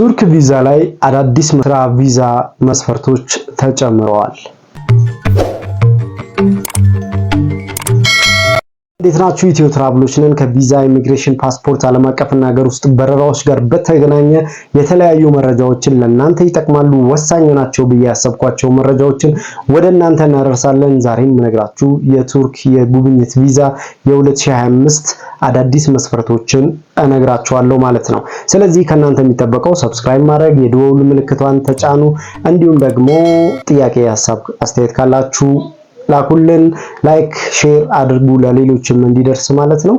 ቱርክ ቪዛ ላይ አዳዲስ ስራ ቪዛ መስፈርቶች ተጨምረዋል። እንዴት ናችሁ? ኢትዮ ትራቭሎች ነን። ከቪዛ ኢሚግሬሽን፣ ፓስፖርት፣ ዓለም አቀፍና ሀገር ውስጥ በረራዎች ጋር በተገናኘ የተለያዩ መረጃዎችን ለእናንተ ይጠቅማሉ ወሳኝ ናቸው ብዬ ያሰብኳቸው መረጃዎችን ወደ እናንተ እናደርሳለን። ዛሬም የምነግራችሁ የቱርክ የጉብኝት ቪዛ የ2025 አዳዲስ መስፈርቶችን እነግራችኋለሁ ማለት ነው። ስለዚህ ከእናንተ የሚጠበቀው ሰብስክራይብ ማድረግ፣ የደወሉ ምልክቷን ተጫኑ። እንዲሁም ደግሞ ጥያቄ፣ ሀሳብ፣ አስተያየት ካላችሁ ላኩልን። ላይክ ሼር አድርጉ ለሌሎችም እንዲደርስ ማለት ነው።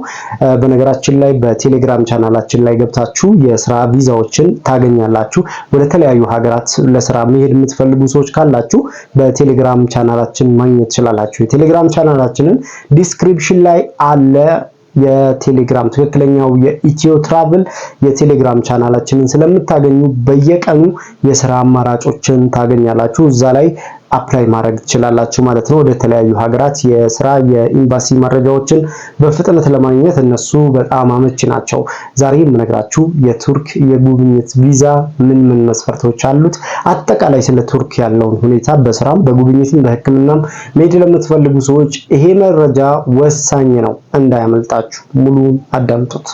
በነገራችን ላይ በቴሌግራም ቻናላችን ላይ ገብታችሁ የስራ ቪዛዎችን ታገኛላችሁ። ወደ ተለያዩ ሀገራት ለስራ መሄድ የምትፈልጉ ሰዎች ካላችሁ በቴሌግራም ቻናላችን ማግኘት ትችላላችሁ። የቴሌግራም ቻናላችንን ዲስክሪፕሽን ላይ አለ። የቴሌግራም ትክክለኛው የኢትዮ ትራቭል የቴሌግራም ቻናላችንን ስለምታገኙ በየቀኑ የስራ አማራጮችን ታገኛላችሁ። እዛ ላይ አፕላይ ማድረግ ትችላላችሁ ማለት ነው። ወደ ተለያዩ ሀገራት የስራ የኤምባሲ መረጃዎችን በፍጥነት ለማግኘት እነሱ በጣም አመች ናቸው። ዛሬ የምነግራችሁ የቱርክ የጉብኝት ቪዛ ምን ምን መስፈርቶች አሉት፣ አጠቃላይ ስለ ቱርክ ያለውን ሁኔታ በስራም በጉብኝትም በሕክምናም መሄድ ለምትፈልጉ ሰዎች ይሄ መረጃ ወሳኝ ነው፣ እንዳያመልጣችሁ። ሙሉም አዳምጡት።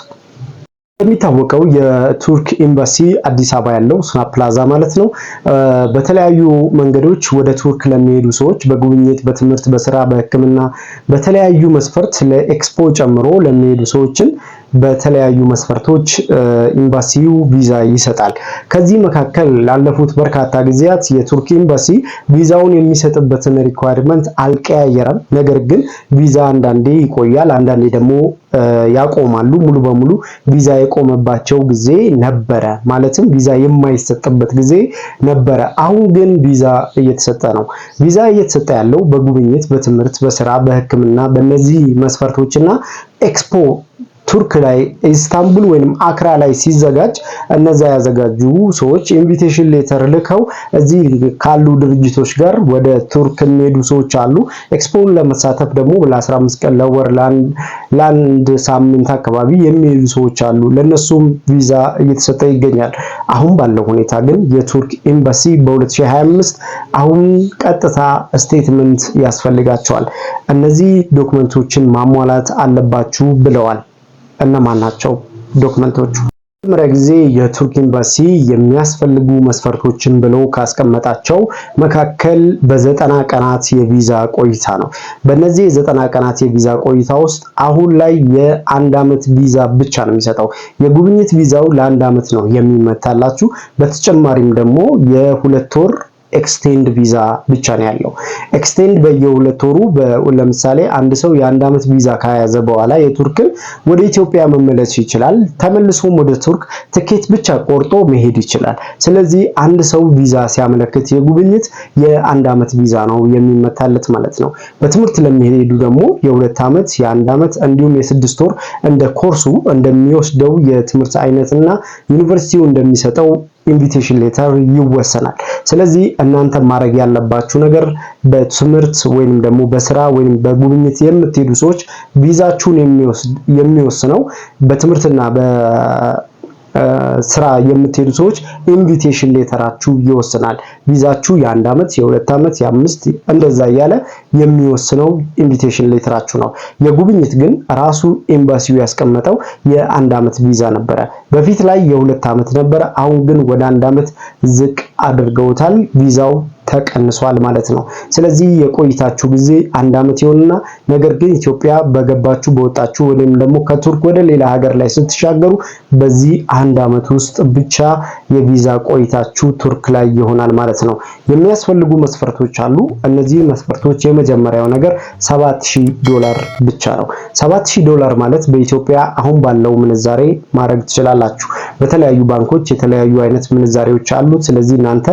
የሚታወቀው የቱርክ ኤምባሲ አዲስ አበባ ያለው ስና ፕላዛ ማለት ነው። በተለያዩ መንገዶች ወደ ቱርክ ለሚሄዱ ሰዎች በጉብኝት፣ በትምህርት፣ በስራ፣ በሕክምና በተለያዩ መስፈርት ለኤክስፖ ጨምሮ ለሚሄዱ ሰዎችን በተለያዩ መስፈርቶች ኤምባሲው ቪዛ ይሰጣል። ከዚህ መካከል ላለፉት በርካታ ጊዜያት የቱርክ ኤምባሲ ቪዛውን የሚሰጥበትን ሪኳርመንት አልቀያየረም። ነገር ግን ቪዛ አንዳንዴ ይቆያል፣ አንዳንዴ ደግሞ ያቆማሉ። ሙሉ በሙሉ ቪዛ የቆመባቸው ጊዜ ነበረ። ማለትም ቪዛ የማይሰጥበት ጊዜ ነበረ። አሁን ግን ቪዛ እየተሰጠ ነው። ቪዛ እየተሰጠ ያለው በጉብኝት፣ በትምህርት፣ በስራ፣ በሕክምና በእነዚህ መስፈርቶችና ኤክስፖ ቱርክ ላይ ኢስታንቡል ወይም አክራ ላይ ሲዘጋጅ እነዛ ያዘጋጁ ሰዎች ኢንቪቴሽን ሌተር ልከው እዚህ ካሉ ድርጅቶች ጋር ወደ ቱርክ የሚሄዱ ሰዎች አሉ። ኤክስፖን ለመሳተፍ ደግሞ ለ15 ቀን ለወር፣ ለአንድ ሳምንት አካባቢ የሚሄዱ ሰዎች አሉ። ለእነሱም ቪዛ እየተሰጠ ይገኛል። አሁን ባለው ሁኔታ ግን የቱርክ ኤምባሲ በ2025 አሁን ቀጥታ ስቴትመንት ያስፈልጋቸዋል። እነዚህ ዶክመንቶችን ማሟላት አለባችሁ ብለዋል። እነማን ናቸው ዶክመንቶቹ? መጀመሪያ ጊዜ የቱርክ ኤምባሲ የሚያስፈልጉ መስፈርቶችን ብሎ ካስቀመጣቸው መካከል በዘጠና ቀናት የቪዛ ቆይታ ነው። በእነዚህ የዘጠና ቀናት የቪዛ ቆይታ ውስጥ አሁን ላይ የአንድ ዓመት ቪዛ ብቻ ነው የሚሰጠው። የጉብኝት ቪዛው ለአንድ ዓመት ነው የሚመታላችሁ። በተጨማሪም ደግሞ የሁለት ወር ኤክስቴንድ ቪዛ ብቻ ነው ያለው። ኤክስቴንድ በየሁለት ወሩ ለምሳሌ አንድ ሰው የአንድ ዓመት ቪዛ ከያዘ በኋላ የቱርክን ወደ ኢትዮጵያ መመለስ ይችላል። ተመልሶም ወደ ቱርክ ትኬት ብቻ ቆርጦ መሄድ ይችላል። ስለዚህ አንድ ሰው ቪዛ ሲያመለክት የጉብኝት የአንድ ዓመት ቪዛ ነው የሚመታለት ማለት ነው። በትምህርት ለሚሄዱ ደግሞ የሁለት ዓመት የአንድ ዓመት እንዲሁም የስድስት ወር እንደ ኮርሱ እንደሚወስደው የትምህርት አይነትና ዩኒቨርሲቲው እንደሚሰጠው ኢንቪቴሽን ሌተር ይወሰናል። ስለዚህ እናንተ ማድረግ ያለባችሁ ነገር በትምህርት ወይንም ደግሞ በስራ ወይንም በጉብኝት የምትሄዱ ሰዎች ቪዛችሁን የሚወስነው በትምህርትና ስራ የምትሄዱ ሰዎች ኢንቪቴሽን ሌተራችሁ ይወስናል። ቪዛችሁ የአንድ ዓመት የሁለት ዓመት የአምስት እንደዛ እያለ የሚወስነው ኢንቪቴሽን ሌተራችሁ ነው። የጉብኝት ግን ራሱ ኤምባሲው ያስቀመጠው የአንድ ዓመት ቪዛ ነበረ። በፊት ላይ የሁለት ዓመት ነበረ። አሁን ግን ወደ አንድ ዓመት ዝቅ አድርገውታል ቪዛው ተቀንሷል ማለት ነው። ስለዚህ የቆይታችሁ ጊዜ አንድ ዓመት ይሆንና ነገር ግን ኢትዮጵያ በገባችሁ በወጣችሁ ወይም ደግሞ ከቱርክ ወደ ሌላ ሀገር ላይ ስትሻገሩ በዚህ አንድ ዓመት ውስጥ ብቻ የቪዛ ቆይታችሁ ቱርክ ላይ ይሆናል ማለት ነው። የሚያስፈልጉ መስፈርቶች አሉ። እነዚህ መስፈርቶች የመጀመሪያው ነገር 7000 ዶላር ብቻ ነው። 7000 ዶላር ማለት በኢትዮጵያ አሁን ባለው ምንዛሬ ማድረግ ትችላላችሁ። በተለያዩ ባንኮች የተለያዩ አይነት ምንዛሬዎች አሉ። ስለዚህ እናንተ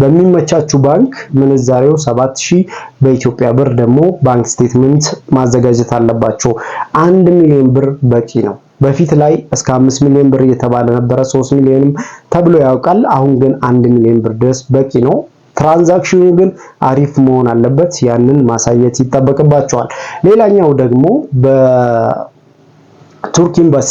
በሚመቻችሁ ባንክ ባንክ ምንዛሬው 7000 በኢትዮጵያ ብር ደግሞ ባንክ ስቴትመንት ማዘጋጀት አለባቸው። አንድ ሚሊዮን ብር በቂ ነው። በፊት ላይ እስከ 5 ሚሊዮን ብር እየተባለ ነበረ፣ 3 ሚሊዮንም ተብሎ ያውቃል። አሁን ግን አንድ ሚሊዮን ብር ድረስ በቂ ነው። ትራንዛክሽኑ ግን አሪፍ መሆን አለበት። ያንን ማሳየት ይጠበቅባቸዋል። ሌላኛው ደግሞ በ የቱርክ ኤምባሲ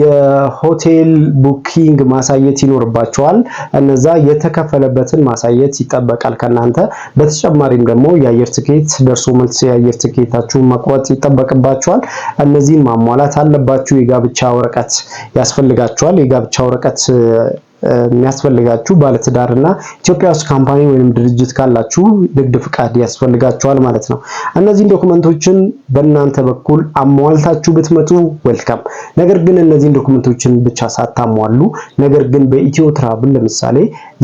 የሆቴል ቡኪንግ ማሳየት ይኖርባቸዋል። እነዛ የተከፈለበትን ማሳየት ይጠበቃል ከእናንተ። በተጨማሪም ደግሞ የአየር ትኬት ደርሶ መልስ የአየር ትኬታችሁን መቁረጥ ይጠበቅባቸዋል። እነዚህን ማሟላት አለባችሁ። የጋብቻ ወረቀት ያስፈልጋቸዋል። የጋብቻ ወረቀት የሚያስፈልጋችሁ ባለትዳር እና ኢትዮጵያ ውስጥ ካምፓኒ ወይም ድርጅት ካላችሁ ንግድ ፍቃድ ያስፈልጋችኋል ማለት ነው። እነዚህን ዶክመንቶችን በእናንተ በኩል አሟልታችሁ ብትመጡ ዌልካም። ነገር ግን እነዚህን ዶክመንቶችን ብቻ ሳታሟሉ ነገር ግን በኢትዮ ትራቭል ለምሳሌ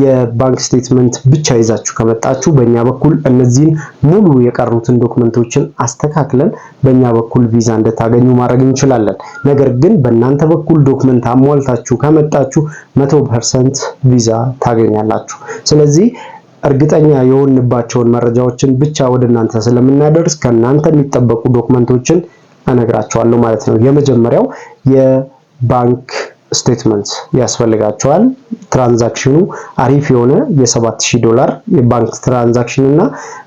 የባንክ ስቴትመንት ብቻ ይዛችሁ ከመጣችሁ በእኛ በኩል እነዚህን ሙሉ የቀሩትን ዶክመንቶችን አስተካክለን በእኛ በኩል ቪዛ እንድታገኙ ማድረግ እንችላለን። ነገር ግን በእናንተ በኩል ዶክመንት አሟልታችሁ ከመጣችሁ መቶ ፐርሰንት ቪዛ ታገኛላችሁ። ስለዚህ እርግጠኛ የሆንባቸውን መረጃዎችን ብቻ ወደ እናንተ ስለምናደርስ ከእናንተ የሚጠበቁ ዶክመንቶችን እነግራቸዋለሁ ማለት ነው። የመጀመሪያው የባንክ ስቴትመንት ያስፈልጋቸዋል። ትራንዛክሽኑ አሪፍ የሆነ የ7000 ዶላር የባንክ ትራንዛክሽን እና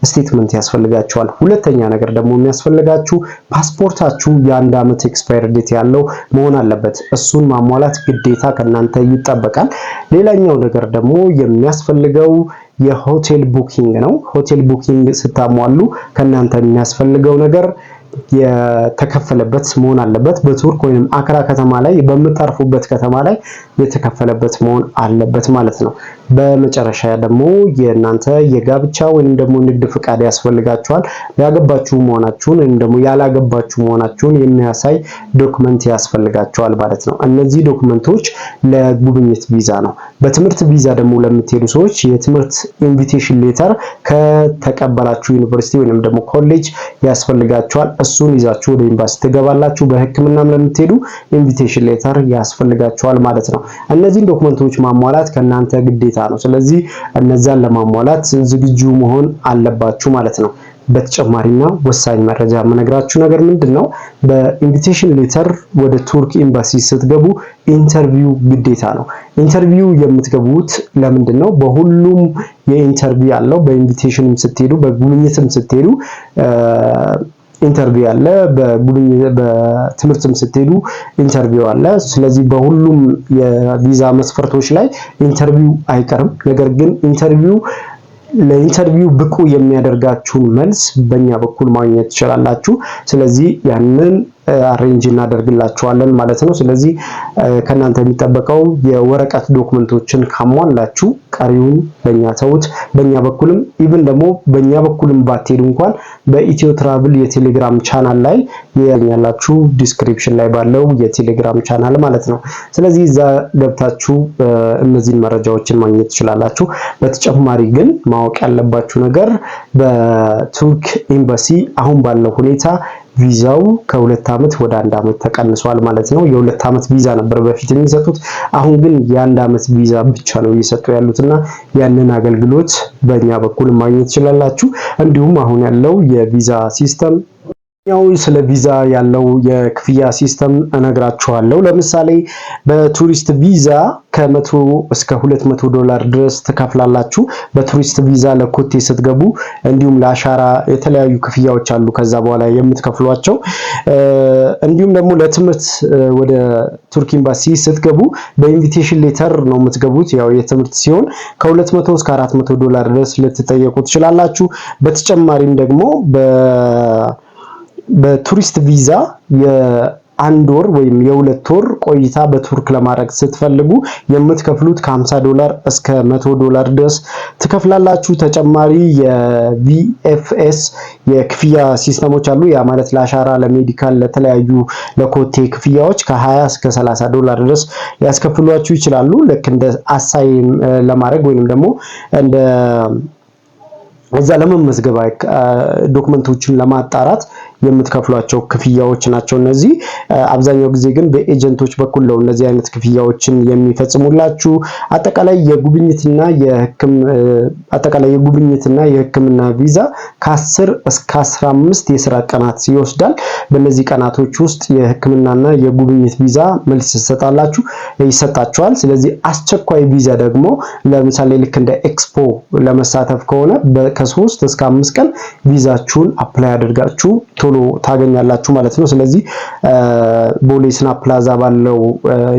ስቴትመንት ያስፈልጋቸዋል። ሁለተኛ ነገር ደግሞ የሚያስፈልጋችሁ ፓስፖርታችሁ የአንድ ዓመት ኤክስፓየር ዴት ያለው መሆን አለበት። እሱን ማሟላት ግዴታ ከእናንተ ይጠበቃል። ሌላኛው ነገር ደግሞ የሚያስፈልገው የሆቴል ቡኪንግ ነው። ሆቴል ቡኪንግ ስታሟሉ ከእናንተ የሚያስፈልገው ነገር የተከፈለበት መሆን አለበት። በቱርክ ወይም አክራ ከተማ ላይ በምታርፉበት ከተማ ላይ የተከፈለበት መሆን አለበት ማለት ነው። በመጨረሻ ደግሞ የእናንተ የጋብቻ ወይም ደግሞ ንግድ ፍቃድ ያስፈልጋችኋል። ያገባችሁ መሆናችሁን ወይም ደግሞ ያላገባችሁ መሆናችሁን የሚያሳይ ዶክመንት ያስፈልጋችኋል ማለት ነው። እነዚህ ዶክመንቶች ለጉብኝት ቪዛ ነው። በትምህርት ቪዛ ደግሞ ለምትሄዱ ሰዎች የትምህርት ኢንቪቴሽን ሌተር ከተቀበላችሁ ዩኒቨርሲቲ ወይም ደግሞ ኮሌጅ ያስፈልጋችኋል። እሱን ይዛችሁ ወደ ኤምባሲ ትገባላችሁ። በሕክምናም ለምትሄዱ ኢንቪቴሽን ሌተር ያስፈልጋችኋል ማለት ነው። እነዚህን ዶክመንቶች ማሟላት ከእናንተ ግዴታ ነው። ስለዚህ እነዛን ለማሟላት ዝግጁ መሆን አለባችሁ ማለት ነው። በተጨማሪና ወሳኝ መረጃ የምነግራችሁ ነገር ምንድን ነው? በኢንቪቴሽን ሌተር ወደ ቱርክ ኤምባሲ ስትገቡ ኢንተርቪው ግዴታ ነው። ኢንተርቪው የምትገቡት ለምንድን ነው? በሁሉም የኢንተርቪው ያለው በኢንቪቴሽንም ስትሄዱ በጉብኝትም ስትሄዱ ኢንተርቪው አለ። በትምህርትም ስትሄዱ ኢንተርቪው አለ። ስለዚህ በሁሉም የቪዛ መስፈርቶች ላይ ኢንተርቪው አይቀርም። ነገር ግን ኢንተርቪው ለኢንተርቪው ብቁ የሚያደርጋችሁን መልስ በእኛ በኩል ማግኘት ትችላላችሁ። ስለዚህ ያንን አሬንጅ እናደርግላችኋለን ማለት ነው። ስለዚህ ከእናንተ የሚጠበቀው የወረቀት ዶክመንቶችን ካሟላችሁ ቀሪውን በእኛ ተውት። በእኛ በኩልም ኢቭን ደግሞ በእኛ በኩልም ባትሄዱ እንኳን በኢትዮ ትራቭል የቴሌግራም ቻናል ላይ ያገኛላችሁ፣ ዲስክሪፕሽን ላይ ባለው የቴሌግራም ቻናል ማለት ነው። ስለዚህ እዛ ገብታችሁ እነዚህን መረጃዎችን ማግኘት ትችላላችሁ። በተጨማሪ ግን ማወቅ ያለባችሁ ነገር በቱርክ ኤምባሲ አሁን ባለው ሁኔታ ቪዛው ከሁለት ዓመት ወደ አንድ ዓመት ተቀንሷል ማለት ነው። የሁለት ዓመት ቪዛ ነበር በፊት የሚሰጡት፣ አሁን ግን የአንድ ዓመት ቪዛ ብቻ ነው እየሰጡ ያሉት ያንን አገልግሎት በእኛ በኩል ማግኘት ትችላላችሁ። እንዲሁም አሁን ያለው የቪዛ ሲስተም ያው ስለ ቪዛ ያለው የክፍያ ሲስተም እነግራችኋለሁ። ለምሳሌ በቱሪስት ቪዛ ከመቶ እስከ ሁለት መቶ ዶላር ድረስ ትከፍላላችሁ። በቱሪስት ቪዛ ለኮቴ ስትገቡ እንዲሁም ለአሻራ የተለያዩ ክፍያዎች አሉ ከዛ በኋላ የምትከፍሏቸው። እንዲሁም ደግሞ ለትምህርት ወደ ቱርክ ኤምባሲ ስትገቡ በኢንቪቴሽን ሌተር ነው የምትገቡት። ያው የትምህርት ሲሆን ከሁለት መቶ እስከ አራት መቶ ዶላር ድረስ ልትጠየቁ ትችላላችሁ። በተጨማሪም ደግሞ በ በቱሪስት ቪዛ የአንድ ወር ወይም የሁለት ወር ቆይታ በቱርክ ለማድረግ ስትፈልጉ የምትከፍሉት ከ50 ዶላር እስከ 100 ዶላር ድረስ ትከፍላላችሁ። ተጨማሪ የቪኤፍኤስ የክፍያ ሲስተሞች አሉ። ያ ማለት ለአሻራ፣ ለሜዲካል፣ ለተለያዩ ለኮቴ ክፍያዎች ከ20 እስከ 30 ዶላር ድረስ ሊያስከፍሏችሁ ይችላሉ። ልክ እንደ አሳይ ለማድረግ ወይንም ደግሞ እንደ እዛ ለመመዝገብ ዶክመንቶችን ለማጣራት የምትከፍሏቸው ክፍያዎች ናቸው እነዚህ። አብዛኛው ጊዜ ግን በኤጀንቶች በኩል ነው እነዚህ አይነት ክፍያዎችን የሚፈጽሙላችሁ። አጠቃላይ የጉብኝትና አጠቃላይ የጉብኝትና የህክምና ቪዛ ከ10 እስከ 15 የስራ ቀናት ይወስዳል። በእነዚህ ቀናቶች ውስጥ የህክምናና የጉብኝት ቪዛ መልስ ይሰጣላችሁ ይሰጣችኋል። ስለዚህ አስቸኳይ ቪዛ ደግሞ ለምሳሌ ልክ እንደ ኤክስፖ ለመሳተፍ ከሆነ ከሶስት እስከ አምስት ቀን ቪዛችሁን አፕላይ አድርጋችሁ ቶሎ ቶሎ ታገኛላችሁ ማለት ነው። ስለዚህ ቦሌ ስናፕ ፕላዛ ባለው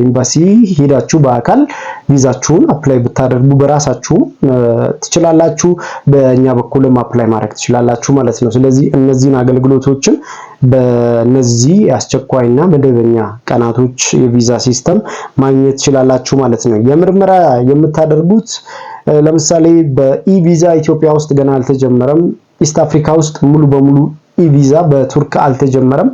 ኤምባሲ ሄዳችሁ በአካል ቪዛችሁን አፕላይ ብታደርጉ በራሳችሁ ትችላላችሁ። በእኛ በኩልም አፕላይ ማድረግ ትችላላችሁ ማለት ነው። ስለዚህ እነዚህን አገልግሎቶችን በነዚህ አስቸኳይና መደበኛ ቀናቶች የቪዛ ሲስተም ማግኘት ትችላላችሁ ማለት ነው። የምርመራ የምታደርጉት ለምሳሌ በኢቪዛ ኢትዮጵያ ውስጥ ገና አልተጀመረም። ኢስት አፍሪካ ውስጥ ሙሉ በሙሉ ኢቪዛ በቱርክ አልተጀመረም።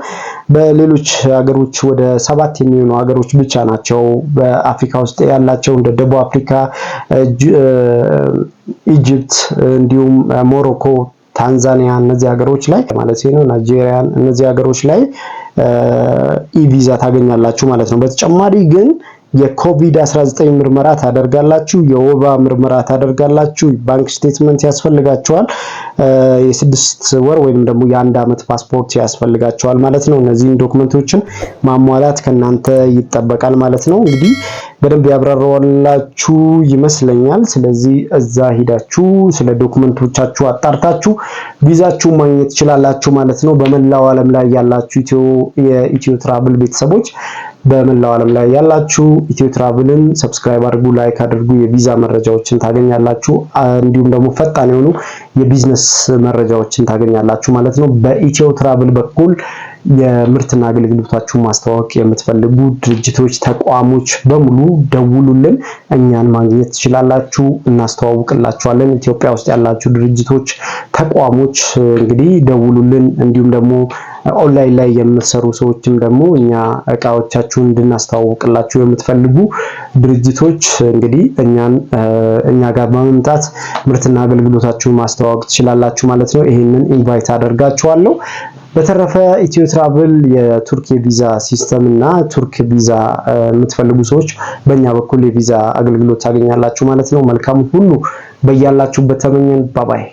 በሌሎች ሀገሮች ወደ ሰባት የሚሆኑ ሀገሮች ብቻ ናቸው በአፍሪካ ውስጥ ያላቸው እንደ ደቡብ አፍሪካ፣ ኢጅፕት፣ እንዲሁም ሞሮኮ፣ ታንዛኒያ እነዚህ ሀገሮች ላይ ማለት ነው ናይጄሪያን እነዚህ ሀገሮች ላይ ኢቪዛ ታገኛላችሁ ማለት ነው። በተጨማሪ ግን የኮቪድ-19 ምርመራ ታደርጋላችሁ፣ የወባ ምርመራ ታደርጋላችሁ፣ ባንክ ስቴትመንት ያስፈልጋችኋል፣ የስድስት ወር ወይም ደግሞ የአንድ ዓመት ፓስፖርት ያስፈልጋችኋል ማለት ነው። እነዚህን ዶክመንቶችን ማሟላት ከእናንተ ይጠበቃል ማለት ነው። እንግዲህ በደንብ ያብራራላችሁ ይመስለኛል። ስለዚህ እዛ ሂዳችሁ ስለ ዶክመንቶቻችሁ አጣርታችሁ ቪዛችሁ ማግኘት ትችላላችሁ ማለት ነው። በመላው ዓለም ላይ ያላችሁ የኢትዮ ትራቭል ቤተሰቦች በመላው ዓለም ላይ ያላችሁ ኢትዮ ትራቭልን ሰብስክራይብ አድርጉ፣ ላይክ አድርጉ። የቪዛ መረጃዎችን ታገኛላችሁ። እንዲሁም ደግሞ ፈጣን የሆኑ የቢዝነስ መረጃዎችን ታገኛላችሁ ማለት ነው። በኢትዮ ትራቭል በኩል የምርትና አገልግሎታችሁን ማስተዋወቅ የምትፈልጉ ድርጅቶች፣ ተቋሞች በሙሉ ደውሉልን፣ እኛን ማግኘት ትችላላችሁ፣ እናስተዋውቅላችኋለን። ኢትዮጵያ ውስጥ ያላችሁ ድርጅቶች፣ ተቋሞች እንግዲህ ደውሉልን። እንዲሁም ደግሞ ኦንላይን ላይ የምትሰሩ ሰዎችም ደግሞ እኛ እቃዎቻችሁን እንድናስተዋውቅላችሁ የምትፈልጉ ድርጅቶች እንግዲህ እኛን እኛ ጋር በመምጣት ምርትና አገልግሎታችሁን ማስተ ማስተዋወቅ ትችላላችሁ ማለት ነው። ይህንን ኢንቫይት አደርጋችኋለሁ። በተረፈ ኢትዮ ትራቭል የቱርክ የቪዛ ሲስተም እና ቱርክ ቪዛ የምትፈልጉ ሰዎች በእኛ በኩል የቪዛ አገልግሎት ታገኛላችሁ ማለት ነው። መልካም ሁሉ በያላችሁበት ተመኘን። ባባይ